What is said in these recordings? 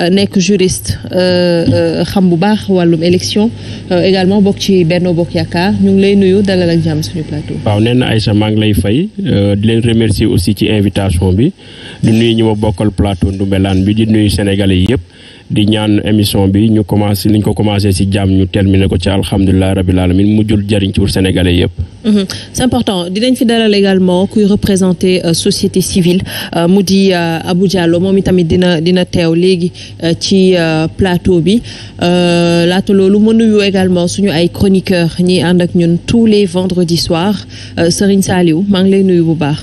Euh, nekk juriste euh, euh, xam bu baax wàllum élection également bokk ci Benno Bokk Yaakaar ñu ngi lay nuyu dalal ak jàmm suñu plateau. waaw nee na Aïcha maa ngi lay fay di leen remercier aussi ci invitation bi di nuyu ñi ma bokkal plateau Ndoumbelane bi di nuyu Sénégalais yëpp. di ñaan émission bi ñu commencé li ko commencé ci jàmm ñu ne ko ci alhamdulilah rabil alamin jul jëriñ ci pour sénégalais yëpp. Mmh. c'est important dinañ fi dalal également ku représenter euh, société civile euh, mu di euh, Abou Diallo moom itamit dina dina teew léegi ci plateau bi laata loolu ma nuyu également suñu ay chroniqueurs ñi ànd ak ñun tous les vendredis soirs Serigne Saliou maa ngi lay nuyu bu baax.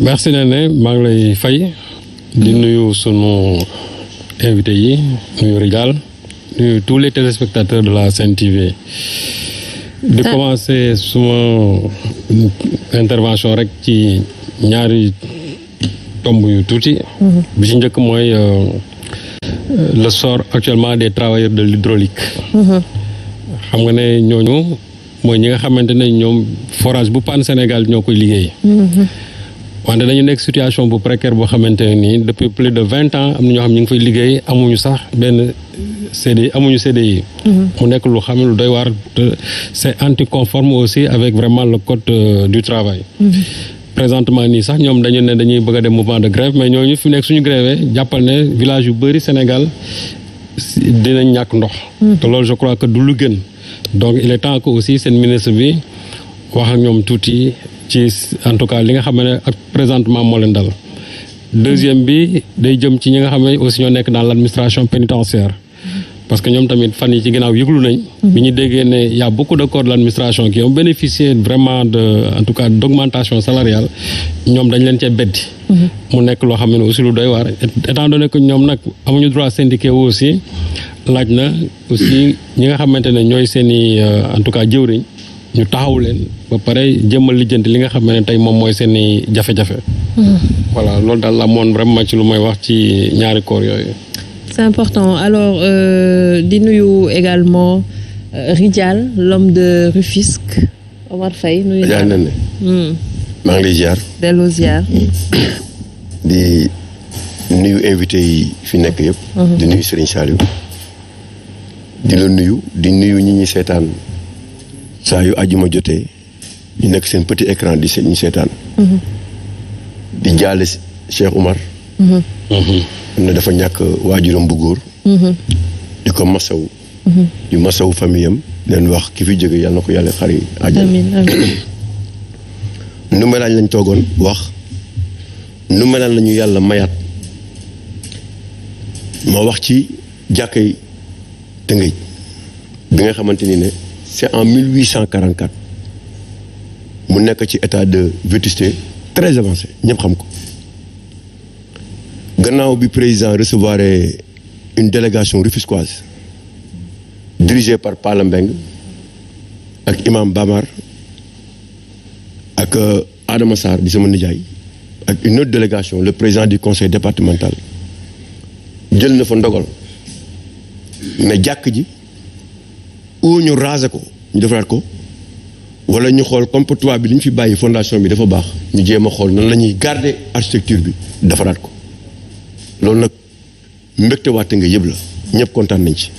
merci Néné maa ngi lay fay. di nuyu sunu. invité yi nuyu Rigal nuyu tous les téléspectateurs de la Sen TV di commencer suma intervention rek ci ñaari tomb yu tuuti mhm. bi ci njëkk mooy euh, euh, le sort actuellement des travailleurs de l'hydraulique mhm. xam nga ne ñooñu mooy ñi nga xamante ne ñoom forage bu panne Sénégal ñoo koy liggéey mhm. wante dañu nekk situation bu précaire boo xamante ne nii depuis plus de vingt ans am na ñoo xam ñu ngi liggéey amuñu sax benn yi amuñu mhm. yi mu nekk lu xam lu doy waar c' est anticonforme aussi avec vraiment le code euh, du travail. Mhm. présentement nii sax ñoom dañu ne dañuy bëgg a dem mouvement de grève mais ñooñu fi nekk suñu grève jàppal ne village yu bëri Sénégal dinañ ñàkk ndox. Mhm. te loolu je crois que du lu gën donc il est temps que aussi seen ministre bi wax ak ñoom tuuti. ci en tout cas li nga xam ak présentement moo leen dal deuxième bi day jëm ci ñi nga xam aussi ñoo nekk dans l' administration pénitentiaire parce que ñoom tamit fan yi ci ginnaaw yëglu nañ bi ñu déggee ne y' a beaucoup de corps de administration qui ont bénéficié vraiment de en tout cas d' augmentation ñoom dañ leen cee beddi mu nekk loo xam ne aussi lu doy waar étant donné que ñoom nag amuñu droit syndiqué wu laaj na aussi ñi nga i euh, en tout cas jëwriñ ñu taxaw ba pare jëmmal lijjanti li nga xam ne tey moom mooy seen i jafe-jafe. Hmm. voilà loolu daal la moon vraiment ci lu may wax ci ñaari koor yooyu. c'est important alors euh, di nuyu également euh, Ridial l'homme de Rufisque Omar Faye hmm. ngi lay ziar. delloo ziar. Hmm. di nuyu invité yi fi nekk yëpp. di nuyu di la nuyu di nuyu ñi ñuy seetaan saa yu àjjuma jotee. ñu nekk seen petit écran di ñu seetaan. Mhm. di jaale Cheikh Oumar. Mhm. Mhm. am na dafa ñàkk waajuram bu góor. di ko masawu. di masawu famille am leen wax ki fi jóge yàlla na ko yàlla xari àjjana. amiin amiin. nu wax nu lañu yàlla mayaat ma wax ci jàkkay Tëngéej bi nga xamante ni ne en 1844. mu nekk ci état de vétusté très avancé ñëpp xam ko gannaaw bi président recevoir une délégation rufisquoise dirigée par Pala Mbeng ak imam Bamar ak euh, Adama Sarr bi sama nijaay ak une autre délégation le président du conseil départemental jël na fa ndogal ne jàkk ji ou ñu raser ko ñu defaraat ko wala ñu xool comportement bi li ñu fi bàyyi fondation bi dafa baax ñu jéem a xool nan la ñuy garder architecture bi defaraat ko loolu nag mbégte waate nga yëpp la ñëpp kontaan nañ ci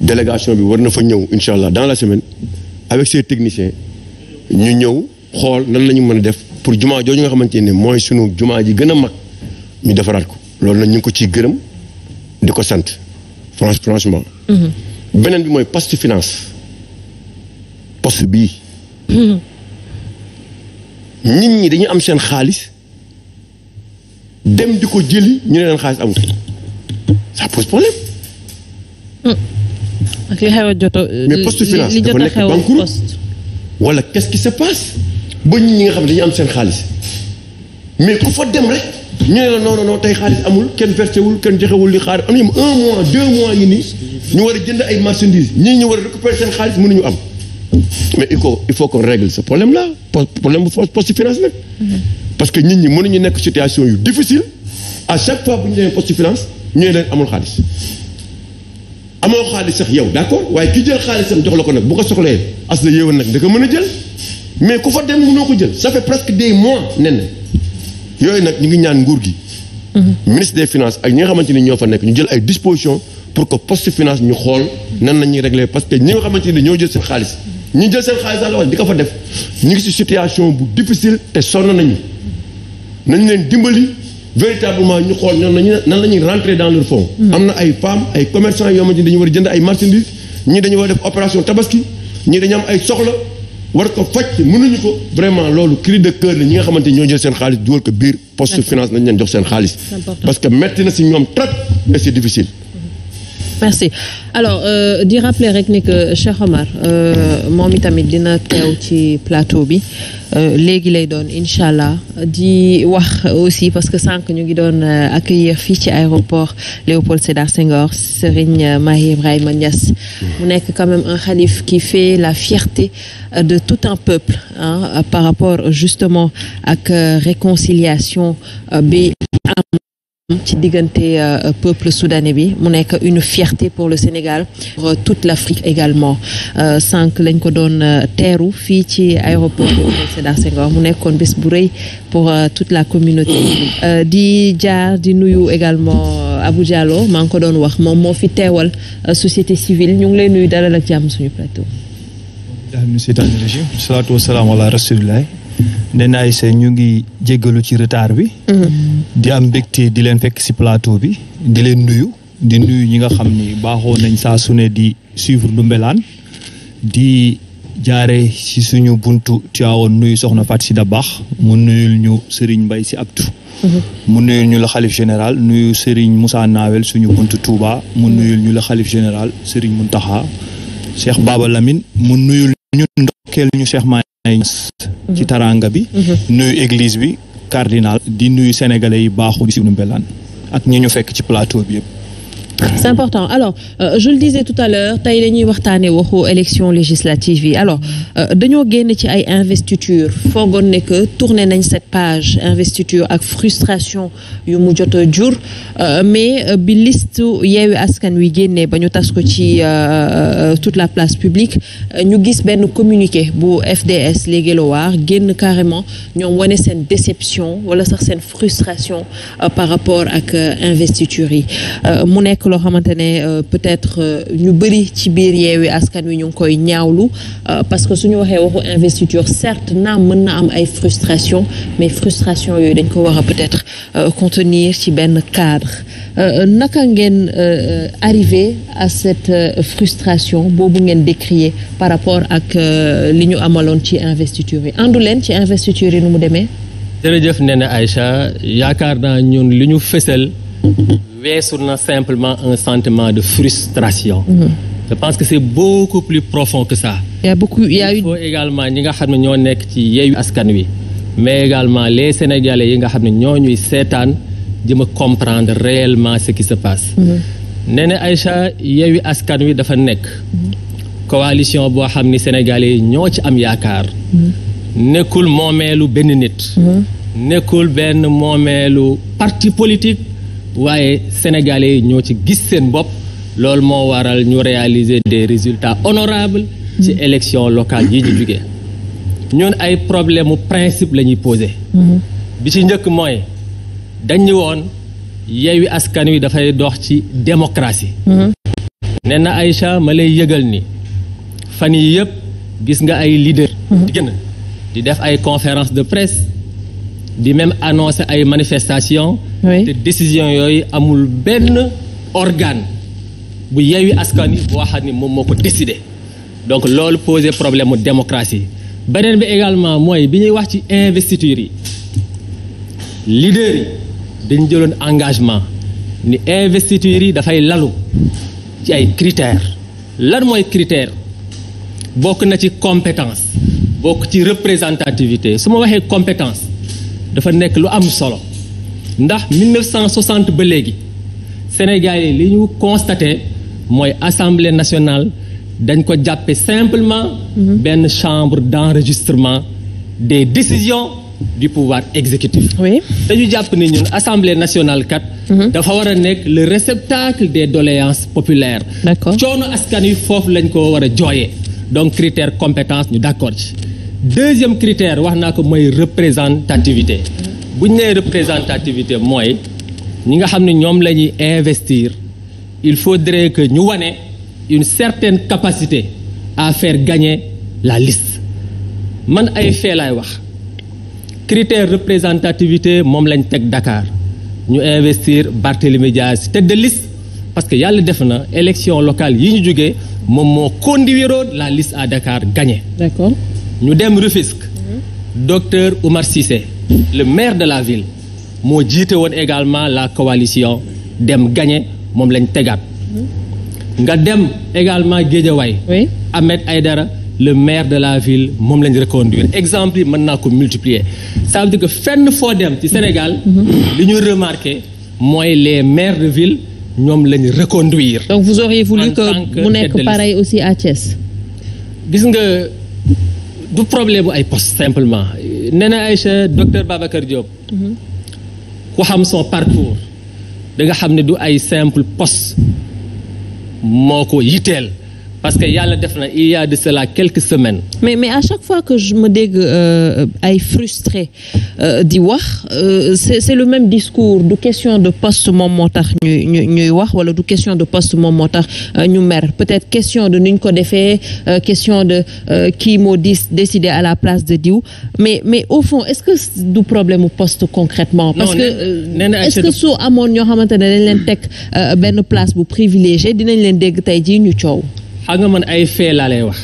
délégation bi war na fa ñëw incha allah dans la semaine avec ses techniciens ñu ñëw xool nan la ñu mën a def pour jumaa jooju nga xamante ne mooy sunu jumaa ji gën a mag ñu defaraat ko loolu nag ñu ko ci gërëm di ko sant franchement. Mhm. beneen bi mooy poste finance poste bii. nit ñi dañu am seen xaalis dem di ko jëli ñu ne leen xaalis amul ça pose problème. Hmm. ak li xew a jot mais poste finance dafa nekk banqueroute wala qu'est-ce qui se passe ba nit ñi nga xam ne dañu am seen xaalis mais ku fa dem rek ñu ne la non non tey xaalis amul kenn versé wul kenn joxewul li xaar am nañu un mois deux mois ngi nii ñu war a jënd ay marchandises ñii ñu war a récupérer seen xaalis mënuñu am. mais il faut il faut qu'on règle sa problème là problème bu poste finance nag parce que nit ñi mënuñu nekk situation yu difficile à chaque fois bu ñu demee ñooy leen amul xaalis amoo xaalis sax yow d'accord waaye ki jël xaalisam jox la ko nag bu ko soxlee as la nag da ko mën a jël mais ku fa dem mënoo ko jël ça presque des mois nen na yooyu nag ñu ngi ñaan nguur gi mm-hmm. ministre des finances ak ñi nga xamante ni ñoo fa nekk ñu jël ay disposition pour que post finance ñu xool nan la ñuy régler parce que ñi nga xamante ni ñoo jël seen xaalis ñi jël seen xaalis alawal di ko fa def ñu ngi si situation bu difficile te sonn nañu nañ leen dimbali véritablement ñu xool ñoom nañu nan la ñuy rentrer dans leur fonds hmm. am na ay femmes ay commerçants yoo xamante ni dañu war a jënd ay marchandises ñii dañu war a def opération tabaski ñii dañu am ay soxla war ko faj mënuñu ko vraiment loolu cri de cœur la ñi nga xamante ñoo jël seen xaalis dugal ko biir poste finance nañ leen jox seen xaalis parce que metti na ci ñoom trop et c'est difficile merci alors euh, di rappeler rek ni que Cheikh Omar euh, moom itamit dina teew plateau bi euh, léegi lay doon incha allah di wax aussi parce que sànq ñu ngi doon euh, accueillir fii ci aéroport Léopold Sédar Senghor Serigne Mahi Ibrahima Niass mu nekk quand même un khalif qui fait la fierté euh, de tout un peuple hein, par rapport justement ak euh, réconciliation bi ci diggante euh, peuple soudanais bi mu nekk une fierté pour le Sénégal pour euh, toute l'Afrique également euh, sànq lañ ko doon teeru fii ci aéroport Sédar Senghor mu nekkoon bés bu rëy pour tout la communauté di jaar di nuyu également abu Diallo maa ngi ko doon wax moom moo fi teewal société civile ñu ngi lay nuyu dalal ak jàmm suñu plateau. nee na ay seen ñu ngi jéggalu ci retard bi. Mhm. di am mbégte di leen fekk si plateau bi di leen nuyu di nuyu ñi nga xam ni baaxoo nañ saa sune di di nu Ndoumbelane di jaare si suñu buntu Tiwaawoon nuyu soxna Fatou Sida Baax mu nuyul ñu Serigne Mbaye si Abdou. Mhm. mu ñu la xalif général nuyu Serigne Moussa Nawel suñu buntu Touba mu mhm. nuyul ñu la général Serigne Mountakha Cheikh ndokkeel ñu Cheikh Mahi ci taranga bi mhm. nuyu église bi cardinal di nuyu sénégalais yi baaxu di si nu mbelaan ak ñi ñu fekk ci plateau bi yëpp c'est important alors euh, je le tout à l'heure tey dañuy waxtaane waxu élection législative yi alors euh, dañoo génn ci ay investiture foogoon ne que tourné nañ cette page investiture ak frustration yu mu jot a jur euh, mais euh, bi liste yeewi askan wi génne ba ñu tas ko ci tout la place publique ñu gis benn communiqué bu FDS Les Guelwaars génn carrément ñoom wane seen déception wala sax seen frustration par rapport ak investiture yi loo xamante ne euh, peut-être euh, ñu bëri ci biir yeewi askan wi ñu ngi koy ñaawlu euh, parce que suñu waxee waxu investiture certes naam mën na am ay frustration mais frustration yooyu dañ ko wax a peut-être contenir ci benn cadre naka ngeen arrivé à cette frustration boobu ngeen décrier par rapport ak li ñu amaloon ci investiture yi àndu leen ci investiture yi nu mu demee jërëjëf Néné Aïcha yaakaar naa ñun li ñu fësal weesu na simplement un sentiment de frustration. Mhm. je pense que c' est beaucoup plus profond que ça. y' également ñi nga xam ne ñoo nekk ci yeeyu askan wi. mais également les sénégalais yi nga xam ne ñoo ñuy seetaan jëm a comprendre réellement ce qui se passe. Mhm. nee na Aïcha yeewi askan wi dafa nekk. coalition boo xam ni sénégalais yi ñoo ci am yaakaar. Mhm. nekkul moomeelu benn nit. nekkul benn moomeelu parti politique. waaye sénégalais yi ñoo ci gis seen bopp loolu moo waral ñu réaliser des résultats honorables ci élection locale yi ñu jugee ñun ay problème mu principe la ñuy posé bi ci njëkk mooy dañu woon Yewwi Askan Wi dafay dox ci démocratie nee na Aïcha ma lay yëgal ni fan yi yëpp gis nga ay lider di gën di def ay conférence de presse di même annoncer ay manifestation te décision yooyu amul benn organe bu yeewi askan wi boo xam ni moom moo ko décidé donc loolu poser problème mu démocratie beneen bi également mooy bi ñuy wax ci investiture yi leader yi dañ jëloon engagement ni investiture yi dafay lalu ci ay critères lan mooy critère bokk na ci compétence bokk ci représentativité su ma waxee compétence dafa nekk lu am solo ndax 1960 ba léegi Sénégalais li ñu constaté mooy assemblée nationale dañ ko jàppe simplement mhm. benn chambre d'enregistrement des décisions du pouvoir exécutif dañu jàpp ne ñun assemblée nationale kat mhm. dafa war a nekk le réceptacle des doléances populaires coono askan wi foofu lañ ko war a jooyee donc critère compétence ñu d'accord ci deuxième critère wax naa ko mooy représentativité bu ñu nee représentativité mooy ñi nga xam ne ñoom la ñuy investir il faut faudrait que ñu wane une certaine capacité à faire gagner la liste man ay fee laay wax critère représentativité moom lañ teg dakaar ñu investir Barthélémy Dias tête de liste parce que yàlla def na élection locale yi ñu jógee moom moo conduiroon la liste à Dakar gagné. ñu dem Rufisque docteur Oumar Cissé le maire de la ville moo jiite woon également la coalition dem gañe moom lañ tegaat nga dem également Guédiawaye oui. Ahmed Aïdara le maire de la ville moom lañ reconduire exemple yi mën naa ko multiplier ça veut fenn foo dem ci Sénégal mhm. li ñu remarqué mooy les maires de ville ñoom lañ reconduire donc vous auriez voulu que mu nekk pareil aussi à Thiès du problème bu ay poste simplement nee na Aïcha docteur Babacar Diop mhm. ku xam son parcours da nga xam ne du ay simple poste moo ko yitteel parce que yàlla def na il y a de cela quelques semaines. mais à chaque fois que je me dégg euh, ay frustré euh, di wax euh, c'est c'est le même discours du question de poste moom moo tax ñuy ñuy ñuy wax wala du question de poste moom moo tax ñu mer peut-être question de nu ñu ko defee question de qui moo dis décidé à la place de diw mais mais au fond est-ce que du problème mu poste concrètement parce que est-ce que su amoon ñoo xamante ne dañ leen teg benn place bu privilégié dinañ leen dégg tey jii ñu coow. xam nga man ay fee wax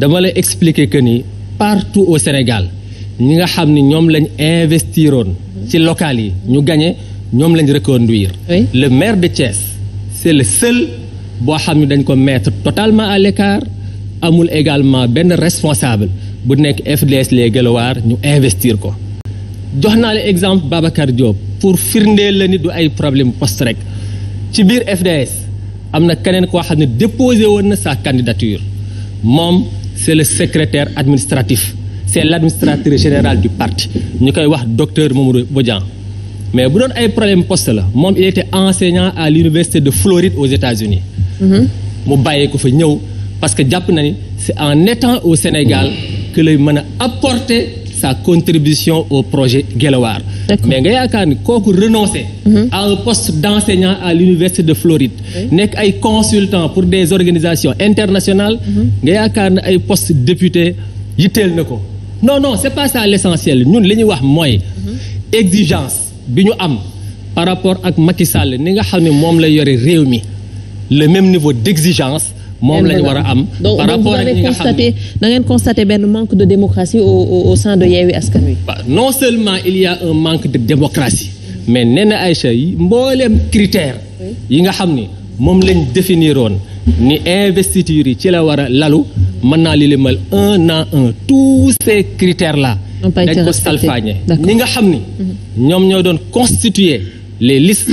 dama lay expliquer que ni partout au Sénégal ñi nga xam ni ñoom lañ investiroon ci local yi ñu gagné ñoom lañ reconduire le maire de Thiès c'est le seul boo xam ne dañ ko mettre totalement à l'écart amul également benn responsable bu nekk FDS les Guelwaar ñu investir ko jox naa la exemple Babacar Diop pour firndeel la ni du ay problème poste rek ci biir FDS am na keneen koo xam ne déposé woon na sa candidature moom c'est le secrétaire administratif c'est l'administrateur général du parti ñu koy wax docteur Mamadou Bodian mais bu doon ay problème poste la moom il était enseignant à l'université de Floride aux États-Unis mm-hmm. mu bàyyee ko fa ñëw parce que jàpp na ni c'est en étant au Sénégal que lay mën a apporter sa contribution au projet Guelwaar mais nga yaakaar ni kooku renoncer mhm. à un poste d'enseignant à l'université de Floride nekk ay consultant pour des organisations internationales mhm. nga yaakaar ne ay poste député yitteel na ko non non c'est pas ça l'essentiel ñun li ñuy wax mooy mhm. exigence bi ñu am par rapport ak Macky ni nga xam ne moom la yore réew mi le même niveau d'exigence moom lañu war a am. par rapport ak ñi nga xam ne da ngeen constaté benn manque de démocratie au au sein de Yewwi Askan Wi. non seulement il y manque de démocratie mais nee na Aïcha yi mbooleem critère yi nga xam ni moom lañ définir woon ni investiture yi ci la war a lalu mën naa li limal un à un tous ces critères la dañ ko ñi nga xam ni. Mhm. ñoom ñoo doon constituer les listes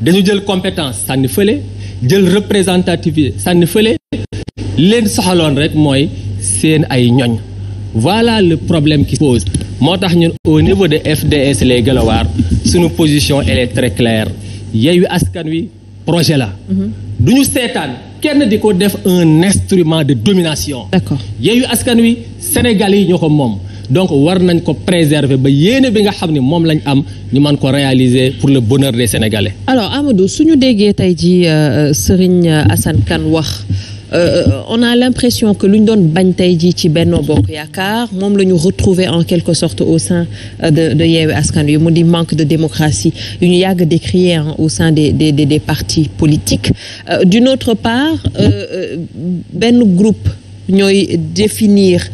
dañu jël compétence sànni fële jël représentativité sànni fële li leen soxaloon rek mooy seen ay ñoñ voilà le problème qui pose moo tax ñun au niveau de FDS les Guelwaar suñu position elle est très claire Yewwi Askan Wi projet la mhm. duñu ñu seetaan kenn di ko def un instrument de domination Yewwi Askan Wi Sénégal yi ñoo ko moom donc war nañ ko préserver ba yéene bi nga xam ne moom lañ am ñu mën ko réaliser pour le bonheur de Sénégalais alors Amadou suñu déggee tey ji euh, Serigne Assane Kane wax Euh, on a l'impression que lu ñu doon bañ tey jii ci Benno Bokk Yaakaar moom la ñu retrouver en quelque sorte au sein euh, de de Yewwi Askan Wi mu di manque de démocratie yu ñu yàgg décrier au sein des des des, des partis politiques euh, d'une autre part benn groupe ñooy définir